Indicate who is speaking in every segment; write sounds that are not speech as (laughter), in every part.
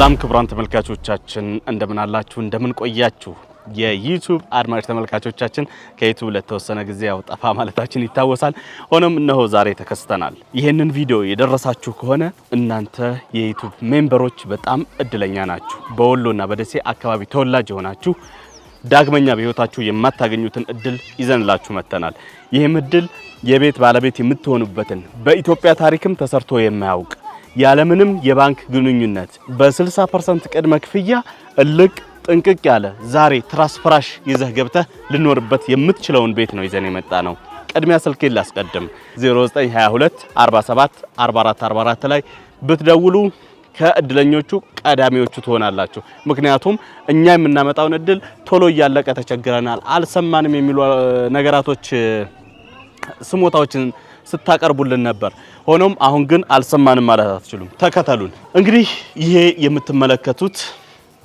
Speaker 1: ሰላም ክቡራን ተመልካቾቻችን እንደምን አላችሁ? እንደምን ቆያችሁ? የዩቲዩብ አድማጭ ተመልካቾቻችን ከዩቲዩብ ለተወሰነ ጊዜ ያው ጠፋ ማለታችን ይታወሳል። ሆኖም እነሆ ዛሬ ተከስተናል። ይህንን ቪዲዮ የደረሳችሁ ከሆነ እናንተ የዩቲዩብ ሜምበሮች በጣም እድለኛ ናችሁ። በወሎና በደሴ አካባቢ ተወላጅ የሆናችሁ ዳግመኛ በህይወታችሁ የማታገኙትን እድል ይዘንላችሁ መጥተናል። ይህም እድል የቤት ባለቤት የምትሆኑበትን በኢትዮጵያ ታሪክም ተሰርቶ የማያውቅ ያለምንም የባንክ ግንኙነት በ60 ቅድመ ክፍያ እልቅ ጥንቅቅ ያለ ዛሬ ትራስፈራሽ ይዘህ ገብተህ ልኖርበት የምትችለውን ቤት ነው ይዘን የመጣ ነው። ቅድሚያ ስልኬን ላስቀድም 0922 47 44 44 ላይ ብትደውሉ ከእድለኞቹ ቀዳሚዎቹ ትሆናላችሁ። ምክንያቱም እኛ የምናመጣውን እድል ቶሎ እያለቀ ተቸግረናል፣ አልሰማንም የሚሉ ነገራቶች ስሞታዎችን ስታቀርቡልን ነበር። ሆኖም አሁን ግን አልሰማንም ማለት አትችሉም። ተከተሉን። እንግዲህ ይሄ የምትመለከቱት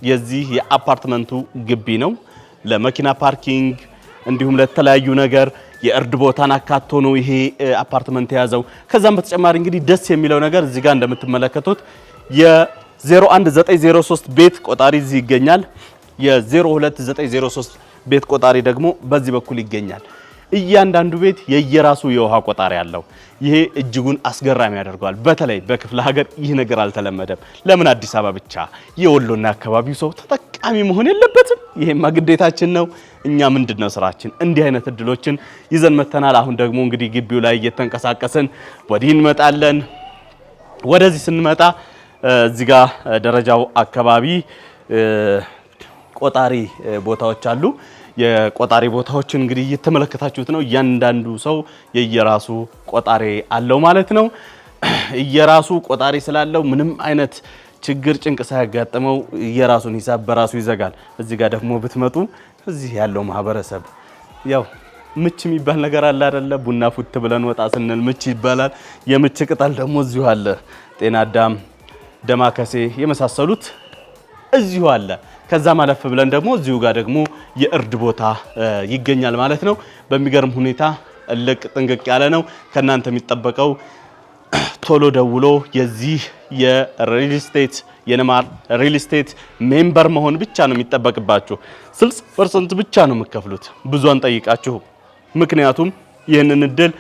Speaker 1: የዚህ የአፓርትመንቱ ግቢ ነው። ለመኪና ፓርኪንግ እንዲሁም ለተለያዩ ነገር የእርድ ቦታን አካቶ ነው ይሄ አፓርትመንት የያዘው። ከዛም በተጨማሪ እንግዲህ ደስ የሚለው ነገር እዚህ ጋር እንደምትመለከቱት የ01903 ቤት ቆጣሪ እዚህ ይገኛል። የ02903 ቤት ቆጣሪ ደግሞ በዚህ በኩል ይገኛል። እያንዳንዱ ቤት የየራሱ የውሃ ቆጣሪ አለው። ይሄ እጅጉን አስገራሚ ያደርገዋል። በተለይ በክፍለ ሀገር ይህ ነገር አልተለመደም። ለምን አዲስ አበባ ብቻ? የወሎና አካባቢው ሰው ተጠቃሚ መሆን የለበትም? ይሄማ ግዴታችን ነው። እኛ ምንድን ነው ስራችን? እንዲህ አይነት እድሎችን ይዘን መተናል። አሁን ደግሞ እንግዲህ ግቢው ላይ እየተንቀሳቀስን ወዲህ እንመጣለን። ወደዚህ ስንመጣ እዚህ ጋር ደረጃው አካባቢ ቆጣሪ ቦታዎች አሉ። የቆጣሪ ቦታዎችን እንግዲህ እየተመለከታችሁት ነው። እያንዳንዱ ሰው የየራሱ ቆጣሪ አለው ማለት ነው። (clears throat) እየራሱ ቆጣሪ ስላለው ምንም አይነት ችግር ጭንቅ ሳያጋጥመው የራሱን ሂሳብ በራሱ ይዘጋል። እዚህ ጋር ደግሞ ብትመጡ እዚህ ያለው ማህበረሰብ ያው ምች የሚባል ነገር አለ አይደለ? ቡና ፉት ብለን ወጣ ስንል ምች ይባላል። የምች ቅጠል ደግሞ እዚሁ አለ። ጤና አዳም፣ ደማከሴ የመሳሰሉት እዚሁ አለ። ከዛ ማለፍ ብለን ደግሞ እዚሁ ጋር ደግሞ የእርድ ቦታ ይገኛል ማለት ነው። በሚገርም ሁኔታ እልቅ ጥንቅቅ ያለ ነው። ከእናንተ የሚጠበቀው ቶሎ ደውሎ የዚህ የሪል ስቴት የንማር ሪል ስቴት ሜምበር መሆን ብቻ ነው የሚጠበቅባችሁ። 60 ፐርሰንት ብቻ ነው የምከፍሉት፣ ብዙ አንጠይቃችሁ። ምክንያቱም ይህንን እድል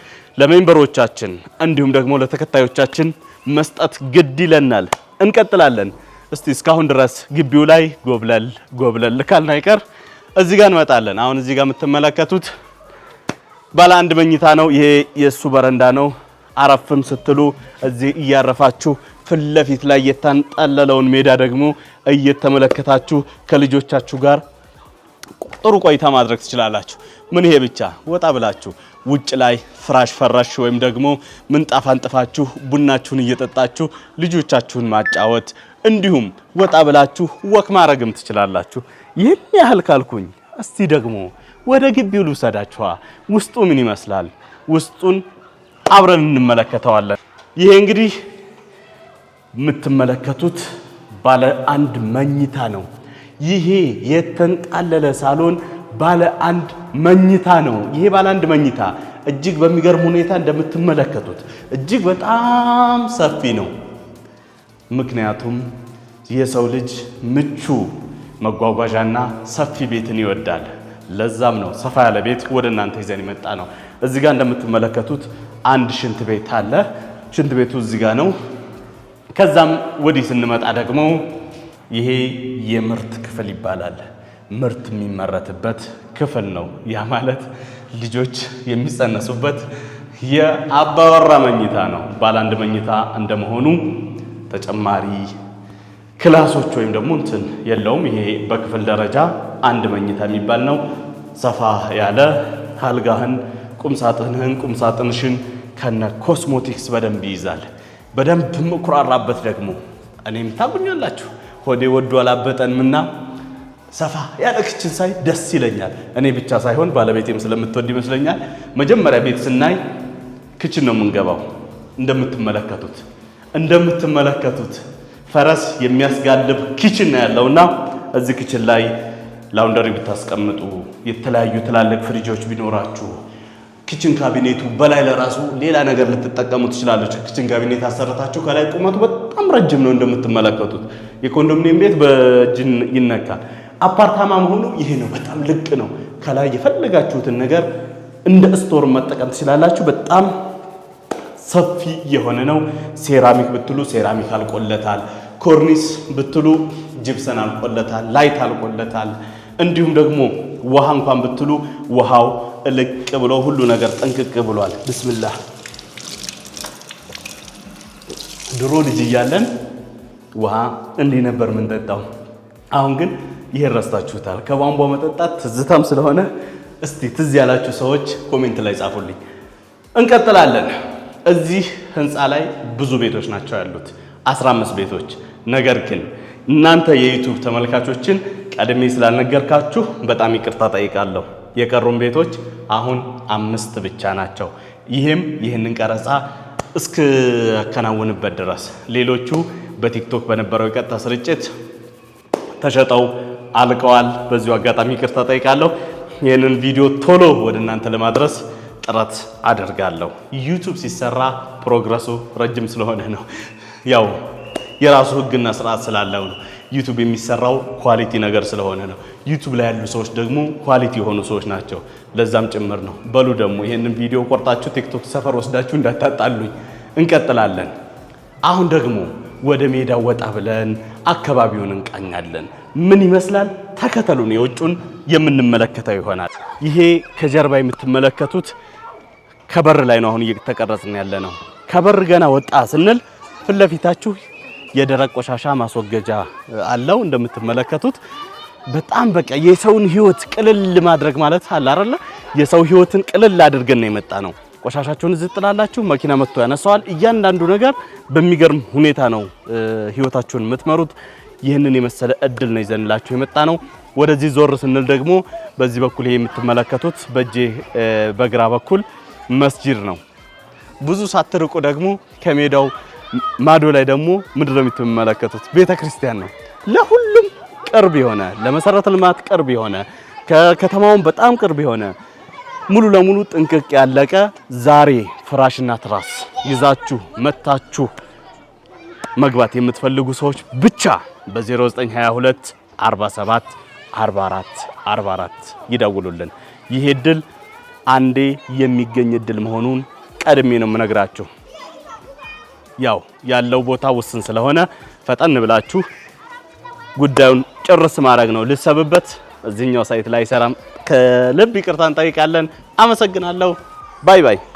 Speaker 1: ለሜምበሮቻችን እንዲሁም ደግሞ ለተከታዮቻችን መስጠት ግድ ይለናል። እንቀጥላለን። እስቲ እስካሁን ድረስ ግቢው ላይ ጎብለል ጎብለል ካልን አይቀር እዚህ ጋር እንመጣለን። አሁን እዚህ ጋር የምትመለከቱት ባለ አንድ መኝታ ነው። ይሄ የእሱ በረንዳ ነው። አረፍም ስትሉ እዚህ እያረፋችሁ ፊት ለፊት ላይ የታንጣለለውን ሜዳ ደግሞ እየተመለከታችሁ ከልጆቻችሁ ጋር ጥሩ ቆይታ ማድረግ ትችላላችሁ። ምን ይሄ ብቻ ወጣ ብላችሁ ውጭ ላይ ፍራሽ ፈራሽ ወይም ደግሞ ምንጣፍ አንጥፋችሁ ቡናችሁን እየጠጣችሁ ልጆቻችሁን ማጫወት እንዲሁም ወጣ ብላችሁ ወክ ማረግም ትችላላችሁ። ይህን ያህል ካልኩኝ እስቲ ደግሞ ወደ ግቢው ልውሰዳችኋ። ውስጡ ምን ይመስላል? ውስጡን አብረን እንመለከተዋለን። ይሄ እንግዲህ የምትመለከቱት ባለ አንድ መኝታ ነው። ይሄ የተንጣለለ ሳሎን ባለ አንድ መኝታ ነው። ይሄ ባለ አንድ መኝታ እጅግ በሚገርም ሁኔታ እንደምትመለከቱት እጅግ በጣም ሰፊ ነው። ምክንያቱም የሰው ልጅ ምቹ መጓጓዣና ሰፊ ቤትን ይወዳል። ለዛም ነው ሰፋ ያለ ቤት ወደ እናንተ ይዘን የመጣ ነው። እዚህ ጋር እንደምትመለከቱት አንድ ሽንት ቤት አለ። ሽንት ቤቱ እዚህ ጋር ነው። ከዛም ወዲህ ስንመጣ ደግሞ ይሄ የምርት ክፍል ይባላል። ምርት የሚመረትበት ክፍል ነው። ያ ማለት ልጆች የሚጸነሱበት የአባወራ መኝታ ነው። ባለ አንድ መኝታ እንደመሆኑ ተጨማሪ ክላሶች ወይም ደግሞ እንትን የለውም። ይሄ በክፍል ደረጃ አንድ መኝታ የሚባል ነው። ሰፋ ያለ አልጋህን፣ ቁምሳጥንህን፣ ቁምሳጥንሽን ከነ ኮስሞቲክስ በደንብ ይይዛል። በደንብ ምኩራራበት ደግሞ እኔም ታጉኛላችሁ ሆዴ ወዶ አላበጠንምና ሰፋ ያለክችን ሳይ ደስ ይለኛል። እኔ ብቻ ሳይሆን ባለቤቴም ስለምትወድ ይመስለኛል። መጀመሪያ ቤት ስናይ ክችን ነው የምንገባው። እንደምትመለከቱት እንደምትመለከቱት ፈረስ የሚያስጋልብ ክችን ነው ያለውና እዚህ ክችን ላይ ላውንደሪ ብታስቀምጡ፣ የተለያዩ ትላልቅ ፍሪጆች ቢኖራችሁ፣ ክችን ካቢኔቱ በላይ ለራሱ ሌላ ነገር ልትጠቀሙ ትችላለች። ክችን ካቢኔት አሰርታችሁ ከላይ ቁመቱ በጣም ረጅም ነው እንደምትመለከቱት። የኮንዶሚኒየም ቤት በእጅን ይነካል። አፓርታማ መሆኑ ይሄ ነው። በጣም ልቅ ነው። ከላይ የፈለጋችሁትን ነገር እንደ ስቶር መጠቀም ትችላላችሁ። በጣም ሰፊ የሆነ ነው። ሴራሚክ ብትሉ ሴራሚክ አልቆለታል። ኮርኒስ ብትሉ ጅብሰን አልቆለታል። ላይት አልቆለታል። እንዲሁም ደግሞ ውሃ እንኳን ብትሉ ውሃው ልቅ ብሎ ሁሉ ነገር ጠንቅቅ ብሏል። ብስምላህ ድሮ ልጅ እያለን ውሃ እንዲህ ነበር የምንጠጣው። አሁን ግን ይሄን ረስታችሁታል። ከቧንቧ መጠጣት ትዝታም ስለሆነ እስቲ ትዝ ያላችሁ ሰዎች ኮሜንት ላይ ጻፉልኝ። እንቀጥላለን። እዚህ ህንፃ ላይ ብዙ ቤቶች ናቸው ያሉት 15 ቤቶች። ነገር ግን እናንተ የዩቲዩብ ተመልካቾችን ቀድሜ ስላልነገርካችሁ በጣም ይቅርታ ጠይቃለሁ። የቀሩን ቤቶች አሁን አምስት ብቻ ናቸው። ይህም ይህንን ቀረጻ እስካከናውንበት ድረስ ሌሎቹ በቲክቶክ በነበረው የቀጥታ ስርጭት ተሸጠው አልቀዋል። በዚሁ አጋጣሚ ይቅርታ ጠይቃለሁ። ይህንን ቪዲዮ ቶሎ ወደ እናንተ ለማድረስ ጥረት አደርጋለሁ። ዩቱብ ሲሰራ ፕሮግረሱ ረጅም ስለሆነ ነው፣ ያው የራሱ ህግና ስርዓት ስላለው ነው። ዩቱብ የሚሰራው ኳሊቲ ነገር ስለሆነ ነው። ዩቱብ ላይ ያሉ ሰዎች ደግሞ ኳሊቲ የሆኑ ሰዎች ናቸው። ለዛም ጭምር ነው። በሉ ደግሞ ይህንን ቪዲዮ ቆርጣችሁ ቲክቶክ ሰፈር ወስዳችሁ እንዳታጣሉኝ። እንቀጥላለን። አሁን ደግሞ ወደ ሜዳ ወጣ ብለን አካባቢውን እንቃኛለን። ምን ይመስላል? ተከተሉን። የውጩን የምንመለከተው ይሆናል። ይሄ ከጀርባ የምትመለከቱት ከበር ላይ ነው አሁን እየተቀረጽን ያለ ነው። ከበር ገና ወጣ ስንል ፊት ለፊታችሁ የደረቅ ቆሻሻ ማስወገጃ አለው። እንደምትመለከቱት በጣም በቃ የሰውን ህይወት ቅልል ማድረግ ማለት አለ አይደለ? የሰው ህይወትን ቅልል አድርገን ነው የመጣ ነው። ቆሻሻችሁን እዚህ ጥላላችሁ፣ መኪና መጥቶ ያነሳዋል። እያንዳንዱ ነገር በሚገርም ሁኔታ ነው ህይወታችሁን የምትመሩት። ይህንን የመሰለ እድል ነው ይዘንላችሁ የመጣ ነው። ወደዚህ ዞር ስንል ደግሞ በዚህ በኩል ይሄ የምትመለከቱት በእጄ በግራ በኩል መስጂድ ነው። ብዙ ሳትርቁ ደግሞ ከሜዳው ማዶ ላይ ደግሞ ምድር ነው የምትመለከቱት ቤተ ክርስቲያን ነው። ለሁሉም ቅርብ የሆነ ለመሰረተ ልማት ቅርብ የሆነ ከከተማውም በጣም ቅርብ የሆነ ሙሉ ለሙሉ ጥንቅቅ ያለቀ ዛሬ ፍራሽና ትራስ ይዛችሁ መታችሁ መግባት የምትፈልጉ ሰዎች ብቻ በ0922 47 44 44 ይደውሉልን። ይህ እድል አንዴ የሚገኝ እድል መሆኑን ቀድሜ ነው የምነግራችሁ። ያው ያለው ቦታ ውስን ስለሆነ ፈጠን ብላችሁ ጉዳዩን ጭርስ ማድረግ ነው። ልሰብበት እዚህኛው ሳይት ላይ ሰራም። ከልብ ይቅርታ እንጠይቃለን። አመሰግናለሁ። ባይ ባይ።